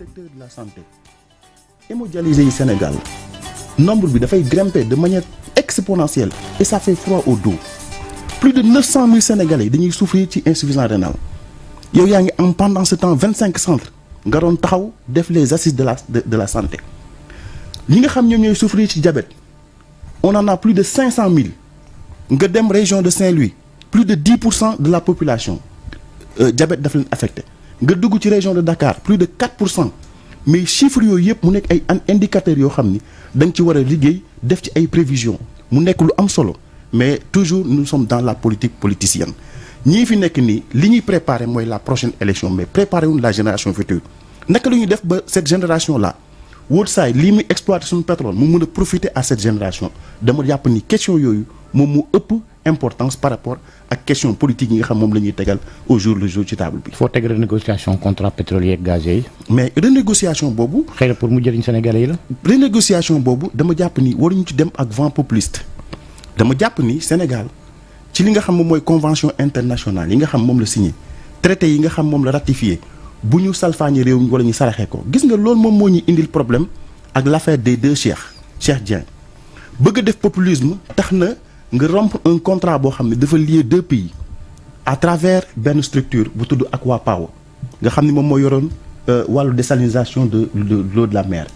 secteur de la santé hémodialysés yi Sénégal nombre bi dafay grimper de manière exponentielle et ça fait froid au dos plus de 900 000 Sénégalais dañuy souffrir ci insuffisance rénale yow yaa ngi am pendant ce temps 25 nga doon taxaw def les assises de la de, la santé li nga xam ñoom ñooy souffrir ci jabet on en a plus de 500 000 nga dem région de Saint-Louis plus de 10 pour cent de la population jabet euh, diabète daf leen affecté. nga dugg ci région de Dakar plus de 4 pour cent mais chiffres yooyu yëpp mu nekk ay indicateurs yoo xam ni dañ ci war a liggéey def ci ay prévisions mu nekk lu am solo mais toujours nous sommes dans la politique politicienne ñii fi nekk nii li ñuy préparer mooy la prochaine élection mais préparer wuñ la génération future naka lu ñuy def ba cette génération là Woodside li muy exploiter suñu pétrole mu mën a profite à cette génération dama jàpp ni question yooyu moom moo importance par rapport ak question politique yi nga xam moom la ñuy tegal au jour le jour ci table bi. foo teg renégociation contrat pétrolier ak gazier yi. mais renégociation boobu. xëy pour mu jëriñ Sénégalais yi la. renégociation boobu dama jàpp ni waruñu ci dem ak vent populiste dama jàpp ni Sénégal ci li nga xam moom mooy convention internationale yi nga xam moom la signé traité yi nga xam moom la ratifié bu ñu salfaañi réew mi wala ñu saraxee ko gis nga loolu moom moo ñu indil problème ak l'affaire des deux Cheikh Cheikh Dieng bëgg def populisme tax na. nga rompre un contrat boo xam ne dafa lier deux pays à travers benn structure bu tudd Aqua Power nga xam ni moom moo yoroon euh, wàllu désalinisation de de de la mer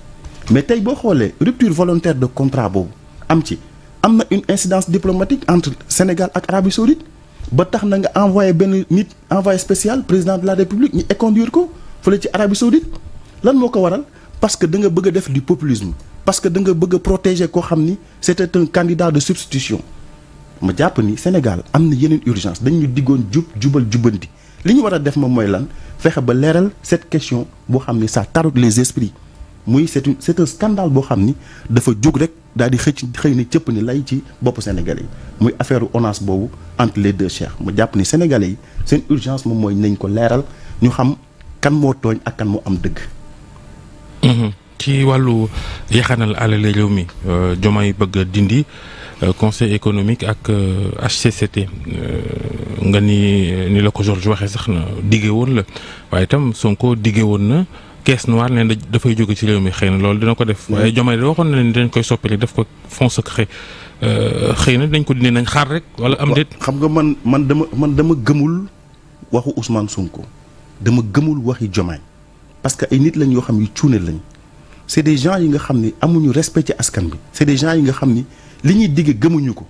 mais tey boo xoolee rupture volontaire de contrat boobu am ci am na une incidence diplomatique entre Sénégal ak Arabie Saoudite ba tax na nga envoyé benn nit envoyé spécial président de la République ñu éconduire ko fële ci Arabie Saoudite lan moo ko waral parce que da nga bëgg a def du populisme parce que da nga bëgg a koo xam ni c'était un candidat de substitution ma jàpp ni Sénégal am na yeneen urgence dañu diggoon jub jubal jubanti li ñu war a def moom mooy lan fexe ba leeral cette question boo xam ni ça taraude les esprits muy c'est une c'est un scandale boo xam ni dafa jóg rek daal di xëcc xëy ni cëpp ni lay ci bopp Sénégalais yi muy affaire ONAS boobu entre de deux chefs ma jàpp ni Sénégalais yi seen urgence moom mooy nañ ko leeral ñu xam kan moo tooñ ak kan moo am dëgg. Mmh ci wàllu yaxanal alal réew mi euh, Diomaye bëgg dindi. Euh, conseil économique ak HCCT euh, euh, nga ni ni la ko Georges waxee sax na diggé woon la waaye tam Sonko diggé woon na caisse noire leen dafay jóge ci réew mi xëy na loolu dina ko def. waaye Diomaye da na leen dañ koy soppali def ko fonds secret xëy na dañ ko dindi nañ xaar rek. wala am déet xam nga man man dama man dama gëmul waxu Ousmane Sonko dama gëmul waxi Diomaye parce que ay nit lañ yoo xam yu cuune lañ c'est des gens yi nga xam ni amuñu respect ci askan bi. c'est des gens yi nga xam ni. li ñuy digg gëmuñu ko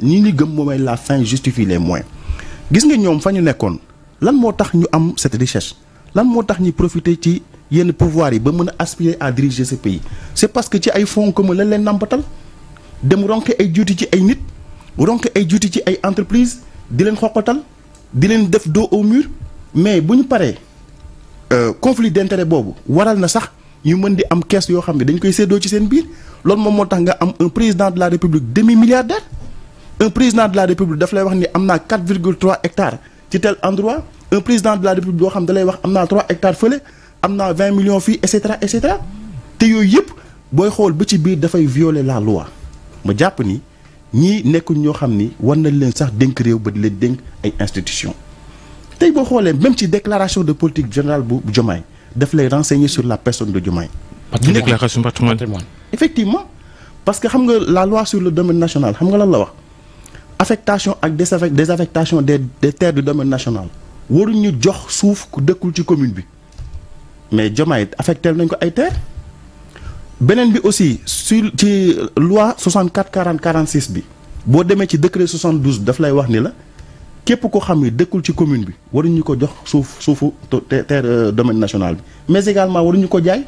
ñi ñu gëm mooy la fin justifie les moyens gis nga ñoom fa ñu nekkoon lan moo tax ñu am cette richesse lan moo tax ñu profiter ci yenn pouvoir yi ba mën a aspirer à diriger ce pays c'est parce que ci ay fonds commun lañ leen nàmpatal dem ronke ay juuti ci ay nit ronke ay juuti ci ay entreprise di leen xoqatal di leen def dos au mur mais bu ñu paree euh, conflit d'intérêt boobu waral na sax yu mën di am kees yoo xam ne dañ koy séddoo ci seen biir loolu moom moo tax nga am un président de la république demi milliardaire un président de la république daf lay wax ni am naa 4,3 hectares ci tel endroit un président de la république boo xam da dalay wax am naa 3 hectares fële am naa 20 millions fii et cetera te yooyu yëpp booy xool ba ci biir dafay violer la loi ma jàpp ni ñii nekkul ñoo xam ni war nañ leen sax dénk réew ba di leen dénk ay institutions tey boo xoolee même ci déclaration de politique générale bu Diomaye daf lay renseigner sur la personne de Diomaye. déclaration patrimoine effectivement parce que xam nga la loi sur le domaine national xam nga lan la wax affectation ak désaffectation des des terres du domaine national waruñu jox suuf ku dëkkul ci commune bi mais Diomaye affecté nañ ko ay terres beneen bi aussi sur ci loi 64 40 46 bi boo demee ci décret 72 daf lay wax ni la. képp ko xam ne dëkkul ci commune bi waruñu ko jox suuf suufu terre euh, domaine national bi mais également waruñu ko jaay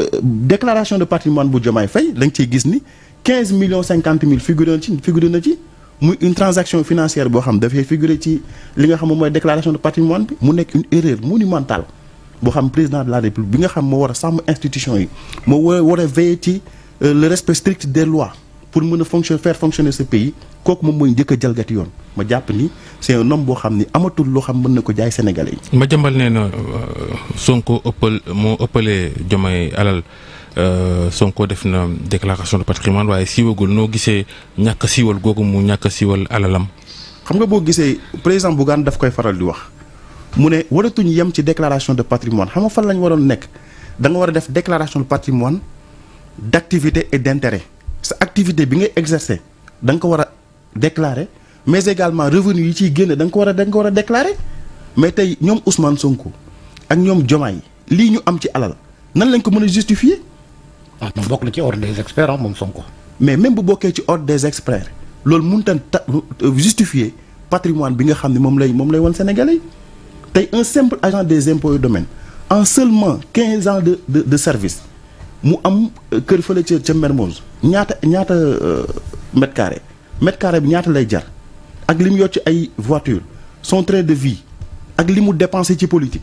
euh, déclaration de patrimoine bu Diomaye Faye lañ ciy gis ni quinze millions 50 mille figuré ci figuré na ci muy une transaction financière boo xam dafay figurer ci li nga xam mooy déclaration de patrimoine bi mu nekk une erreur monumentale boo xam président de la république bi nga xam moo war a sàmm institution yi moo war a veiller ci euh, le respect strict pour mën a fonction faire fonctionner ce pays kooku moom mooy jëkk a jalgati yoon ma jàpp ni c'est un boo xam ni amatul loo xam mën na ko jaay sénégalais yi. ma jëmbal nee na euh, Sonko ëppal moo ëppalee Diomaye alal euh, Sonko def na déclaration de patrimoine waaye siiwagul noo gisee ñàkk a siiwal googu mu ñàkk a siiwal alalam. xam nga boo gisee président Bougane daf koy faral di wax mu ne waratuñ yem ci déclaration de patrimoine xam nga fan lañ waroon nekk da war a def déclaration de patrimoine d'activité et d'intérêt. sa activité bi ngay exercer da nga ko war a déclarer mais également revenu yi ciy génne da nga ko war a da war a déclarer mais tey ñoom Ousmane Sonko ak ñoom Diomaye lii ñu am ci alal nan lañ ko mën a justifier. ah moom bokk na ci ordre des experts ah, moom Sonko. mais même bu bokkee ci ordre des experts loolu mënut a ta euh, justifier patrimoine bi nga xam ne moom lay moom lay wan Sénégalais yi tey un simple agent des impôts et domaines en seulement quinze ans de de de service. mu am euh, kër fële ca ca Mermoz ñaata ñaata euh, mètre carré mètre carré bi ñaata lay jar ak li mu yor ci ay voiture son train de vie ak li mu dépensé ci politique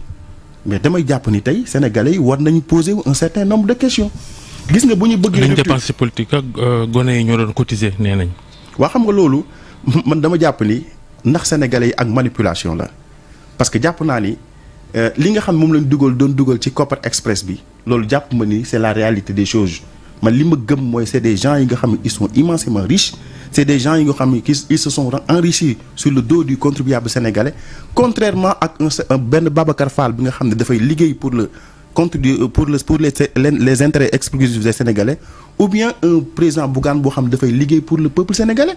mais damay jàpp ni tey sénégalais yi war nañu poser un certain nombre de question gis nga bu ñu bëggee. nañ dépensé politique ak euh, gone yi ñoo doon cotiser nee nañ. waa xam nga loolu man dama jàpp ni ndax sénégalais yi ak manipulation la parce que jàpp naa ni li nga xam moom lañ dugal doon dugal ci Copper Express bi. loolu jàpp ma ni c'est la réalité de choses ma li ma gëm mooy c'est des gens yi nga xam ne ils sont immensément riches c'est des gens yi nga xam ne ils se sont enrichis sur le dos du contribuable sénégalais contrairement ak un benn Babacar Fall bi nga xam ne dafay liggéey pour le contribuer pour le pour le les les intérêts exclusifs des sénégalais ou bien un président Bougane boo xam ne dafay liggéey pour le peuple sénégalais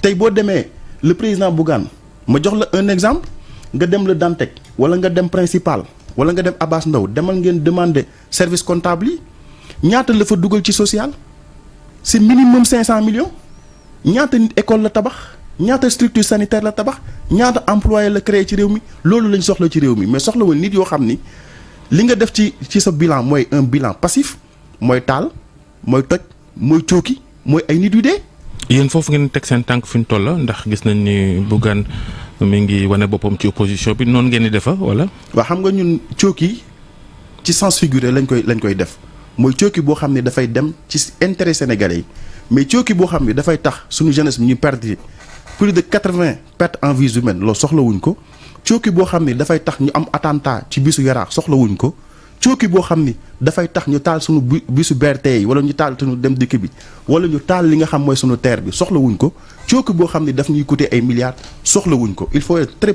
tey boo demee le président Bougane ma jox la un exemple nga dem le Dantec wala nga dem principal wala nga dem Abass Ndao demal ngeen demander service comptable yi ñaata lafa dugal ci social c'est minimum 500 millions ñaata nit école la tabax ñaata structure sanitaire la tabax ñaata employé la créé ci réew mi loolu lañ soxla ci réew mi mais soxla woon nit yoo xam ni li nga def ci ci sa bilan mooy un bilan passif mooy taal mooy toj mooy cooki mooy ay nit yu dee. yéen foofu ngeen teg seen tànk fi ñu toll ndax gis nañ ni Bougane mi ngi wane boppam ci opposition bi noonu ngeen di defa wala. waa xam nga ñun cooki ci sens figuré lañ koy lañ koy def mooy cooki boo xam ne dafay dem ci intérêt sénégalais yi mais cooki boo xam ne dafay tax suñu jeunesse bi ñuy perdre plus de quatre-vingts pertes en vies humaines soxlawuñ ko cooki boo xam ne dafay tax ñu am attentat ci bisu yaraax soxlawuñ ko. cooki boo xam ni dafay tax ñu taal suñu bu bisu BRT yi wala ñu taal suñu dem dikk bi wala ñu taal li nga xam mooy suñu terre bi soxla ko cooki boo xam ni daf ñuy coûter ay milliards soxla wuñ ko il faut être très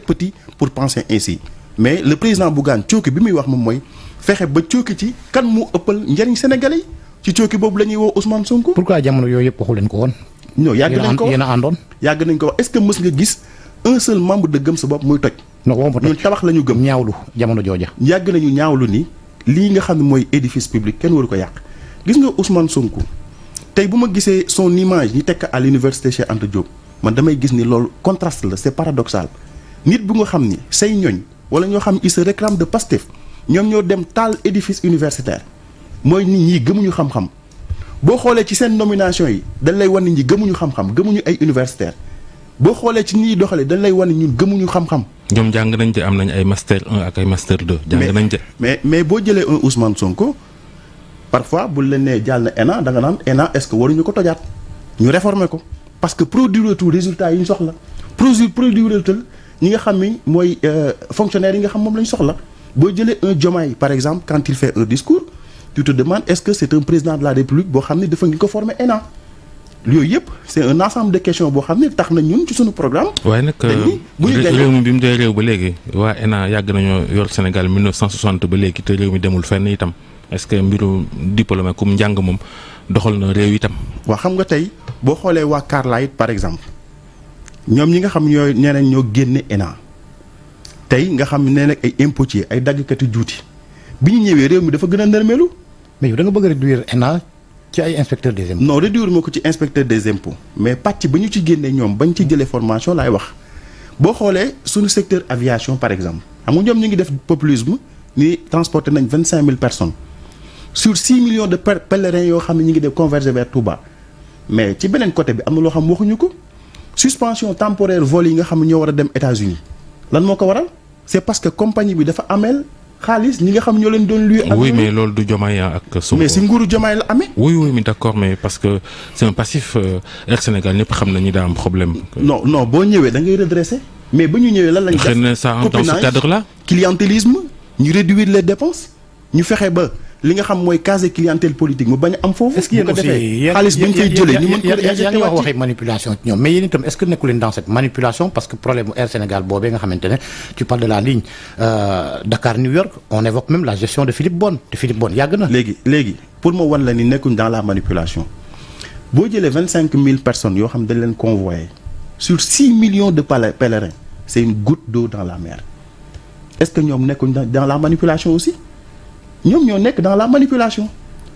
pour penser ainsi mais le président Bougane cooki bi muy wax moom mooy fexe ba cooki ci kan mu ëppal njëriñ Sénégalais yi ci cooki la ñuy woo Ousmane Sonko. pourquoi jamono yooyu yëpp waxu leen ko woon. non yàgg nañ ko a àndoon yàgg nañ ko wax est-ce que mës nga gis un seul membre de gëm sa bopp muy toj. ñun tabax la ñu gëm ñaawlu jamono jooja. yàgg nañu ñaawlu nii lii nga xam ne mooy édifice public kenn waru ko yàq gis nga Ousmane Sonko tey bu ma gisee son image ñi tekk à l'université Cheikh Anta Diop man damay gis ni loolu contraste la c'est paradoxal nit bu nga xam ni say ñoñ wala ñoo xam il se réclame de Pastef ñoom ñoo dem taal édifice universitaire mooy nit ñi gëmuñu xam-xam boo xoolee ci seen nomination yi dañ lay wan ni ñi gëmuñu xam-xam gëmuñu ay universitaire boo xoolee ci ni ñuy doxalee dañ lay wan ñun gëmuñu xam ñoom jàng nañ te am nañ ay master 1 ak ay master 2. mais mais boo jëlee un Ousmane Sonko parfois bu la nee jàll na ENA da nga naan ENA est-ce que waruñu ko tojaat ñu réformer ko parce que produire tout résultat yi ñu soxla produire produire ñi nga xam ni mooy euh, fonctionnaire yi nga xam moom la ñu soxla boo jëlee un Diomaye par exemple quand il fait un discours tu te demandes est-ce que c'est un président de la République boo xam ni dafa ngi ko former ENA. yooyu yëpp c' est un ensemble de questions boo xam ne tax na ñun ci suñu programme. waaye nag bu ñu réew mi bi mu dee réew ba léegi waa ENA yàgg nañoo yor Sénégal 1960 ba léegi te réew mi demul fenn itam est ce que mbiru diplôme comme njàng moom doxal na réew itam. waa xam nga tey boo xoolee waa Carla it par exemple ñoom ñi nga xam ñooy nee nañ ñoo génne ENA tey nga xam nee nag ay impotier ay daggkati juuti bi ñu ñëwee réew mi dafa gën a nërmeelu. mais da nga bëgg rek du yor ci ay inspecteur des impôts. non réduire ma ko ci inspecteur des impôts mais pàcc ba ñu ci génnee ñoom bañ ci jëlee formation laay wax boo xoolee suñu secteur aviation par exemple xam ñoom ñu ngi def populisme ni transporté nañ vingt cinq mille personnes sur six millions de pèlerins yoo xam ne ñu ngi def converger vers Touba mais ci beneen côté bi am na loo xam waxuñu ko suspension temporaire vol yi nga xam ne ñoo war a dem États-Unis lan moo ko waral c'est parce que compagnie bi dafa ameel xaalis ñi nga xam ñoo leen doon luy. ak mais loolu du Diomaye ak Sonko. mais si nguuru Diomaye la amee. oui oui mais d'accord mais passif euh, Air Sénégal ñëpp xam na daa am problème. no no boo ñëwee da ngay redresser mais ba ñu ñëwee lan lañ. def copinage clientélisme ñu réduire les dépenses ñu fexe ba. li nga xam mooy case clientèle politique mu bañ a am foofu. est-ce que yéen a defee xaalis bu ñu koy jëlee ñu mën ko injecté wax waxi manipulation ci ñoom mais yéen itam est manipulation parce que problème Air Sénégal boobee nga xamante ne tu parles de la ligne euh, Dakar New York on évoque même la gestion de Philippe Bonne te Philippe Bonne yàgg na. léegi léegi pour ma wan la ni nekkuñ dans la manipulation boo jëlee vingt cinq mille personnes yoo xam dañ leen convoyé sur six millions de pèlerins c'est une goutte d'eau dans la mer est ñoom ñoo nekk dans la manipulation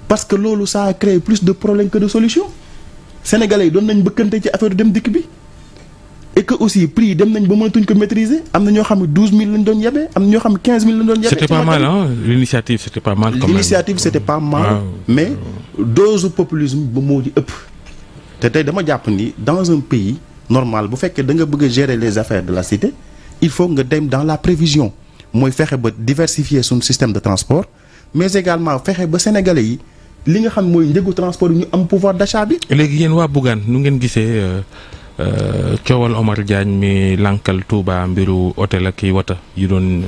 parce que loolu ça a créé plus de problèmes que de solutions sénégalais yi doon nañ bëkkante ci affaire dem dikk bi et aussi pris yi dem nañ ba mënatuñ ko maîtriser am na ñoo xam ne douze mille lañ doon yebee am na ñoo xam ne quinze mille lañ doon yebee c'était pas mal hein l'initiative c'était pas mal mais dose populisme ba moo di ëpp te tey dama jàpp ni dans un pays normal bu fekkee da nga bëgg a gérer les affaires de la cité il faut nga dem dans la prévision mooy fexe ba diversifier suñu système de transport mais également fexe ba sénégalais yi li nga xam mooy njëgu transport yi ñu am pouvoir d'achat bi. léegi yéen waa Bougane nu ngeen gisee euh, euh, coowal Omar Diagne mi lankal Touba mbiru hôtel ak i wata yu doon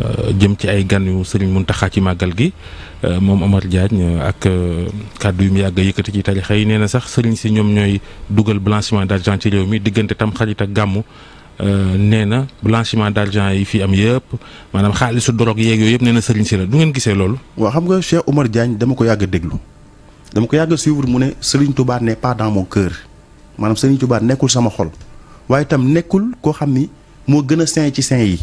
euh, jëm ci ay gan yu Serigne Mountakha ci màggal gi moom Omar Diagne ak kàddu yu mu yàgg yëkkati ci tarixa yi nee na sax Serigne si ñoom ñooy dugal blanchiment d'argent ci réew mi diggante tam xarit ak gàmmu. Euh, nee na blanchiment d'argent yi fi am yëpp maanaam xaalisu dorog yeeg yooyu yëpp nee na sëriñ si la du ngeen gisee loolu. waaw xam nga Cheikh Omar Diagne dama ko yàgg déglu dama ko yàgg a suivre mu ne Serigne Touba n'est pas dans mon cœur maanaam Serigne Touba nekkul sama xol waaye itam nekkul koo xam ni moo gën a saint ci saint yi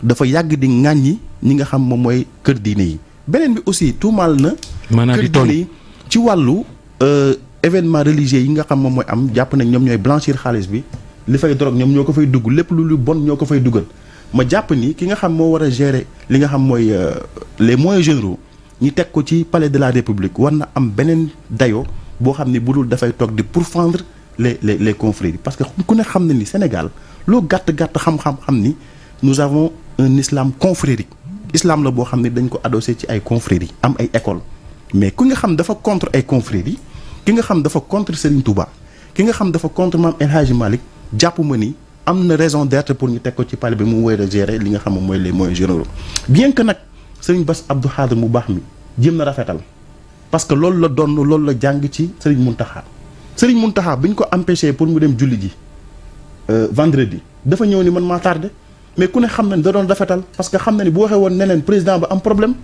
dafa yàgg di ŋàññi ñi nga xam moom mooy kër diine yi beneen bi aussi tuumaal na. maanaam di kër diine yi ci wàllu euh, événement religieux yi nga xam moom mooy am jàpp nañ ñoom ñooy blanchir xaalis bi li fay drogue ñoom ñoo ko fay dugg lépp lu lu bon ñoo ko fay duggal ma jàpp nii ki nga xam moo war a gérer li nga xam mooy euh, les moyens généraux ñi teg ko ci palais de la république war na am beneen dayoo boo xam ni bu dul dafay toog di pourfendre les les les conflits parce que ku ne xam na ni senegal loo gàtt gàtt xam-xam xam ni nous avons un islam confrérique islam la boo xam ni dañ ko adossé ci ay confrères yi am ay école mais ku nga xam dafa contre ay confrères yi ki nga xam dafa contre Serigne Touba ki nga xam dafa contre maam El jàpp ma ni am na raison derte pour ñu teg ko ci palais bi mu wéy a gérer li nga xam mooy les moyens généraux bien que nag sëriñ Bass Abdou Khadre mu baax mi jéem na rafetal parce que loolu la doon loolu la jàng ci sëriñ Mountakha sëriñ Mountakha bi ñu ko empêché pour mu dem julli ji euh, vendredi dafa ñëw ni man maa tardé mais ku ne xam na ni da doon rafetal parce que xam na ni bu waxee woon neneen président ba am problème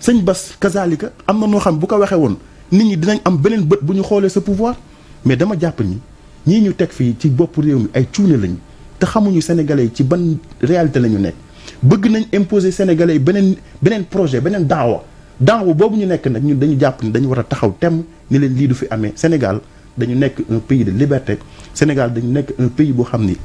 sëñ bas kazalika am na noo xam bu ko waxee woon nit ñi dinañ am beneen bët bu ñu xoolee sa pouvoir mais dama jàpp ni. ñii ñu teg fii ci bopp réew mi ay cuune lañ te xamuñu sénégalais yi ci ban réalité la ñu nekk bëgg nañ imposer sénégalais yi beneen beneen projet beneen daawa daawa boobu ñu nekk nag ñun dañu jàpp ni dañu war a taxaw temm ni leen lii du fi amee Sénégal dañu nekk un pays de liberté Sénégal dañu nekk un pays boo xam ni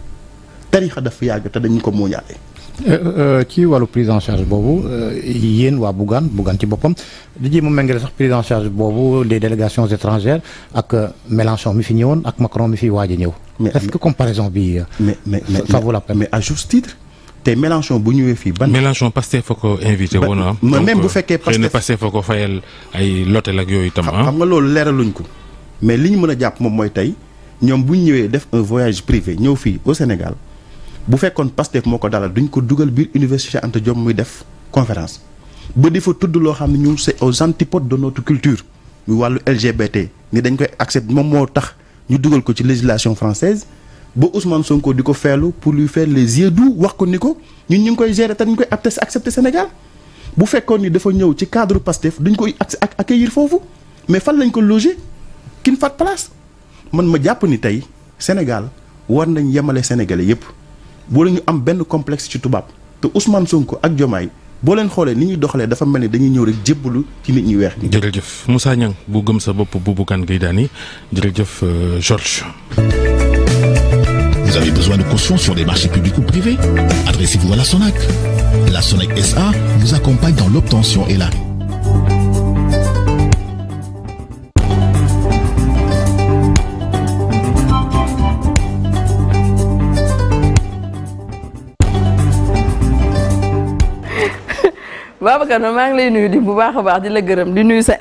tarixa dafa yàgg te dañu ko mooñaale Eh, eh, ci wàllu prise en charge boobu eh, yéen waa Bougane Bougane ci boppam di jéem a méngale sax prise en charge boobu des délégations étrangères ak euh, Mélenchon mi fi ñëwoon ak Macron mi fi waaj a ñëw. mais est-ce que comparaison bi. Euh, mais mais ça vaut la mais à te Mélenchon bu ñëwee fii ban. Mélenchon Pastef fa ko invité woon ah. même bu euh, fekkee Pastef xëy na Pastef fa ko fayal ay lotel ak yooyu tam ah. xam nga loolu leeraluñ ko mais li ñu mën a jàpp moom mooy tey ñoom bu ñu ñëwee def un voyage privé ñëw fii au Sénégal. bu fekkoon Pastef moo ko dalal duñ ko dugal biir université Anta Diop muy def conférence ba di fa tudd loo xam ne ñun c'est aux antipodes de notre culture muy wàllu LGBT ni dañ koy accepté moom moo tax ñu dugal ko ci législation française ba Ousmane Sonko di ko feelu pour lui faire les yeux doux wax ko ni ko ñun ñu ngi koy gérer te ñu koy apte accepté Sénégal bu fekkoon ni dafa ñëw ci cadre Pastef duñ koy ak ak accueillir foofu mais fan lañ ko loge kin fat man ma jàpp ni tey Sénégal war nañ yemale sénégalais yépp boo ñu am benn complexe ci tubaab te Ousmane Sonko ak Diomaye boo leen xoolee ni ñuy doxalee dafa mel ni dañuy ñëw rek jébbalu ci nit ñuy weex ñi. jërëjëf Moussa Niang bu gëm sa bopp bu Bougane Gueye Dany jërëjëf euh, Georges. Vous avez besoin de caution sur des marchés publics ou privés? Adressez-vous à la SONAC. La SONAC SA vous accompagne dans l'obtention et la Babacar maa ngi lay nuyu bu baax a baax di la gërëm di nuyu sa.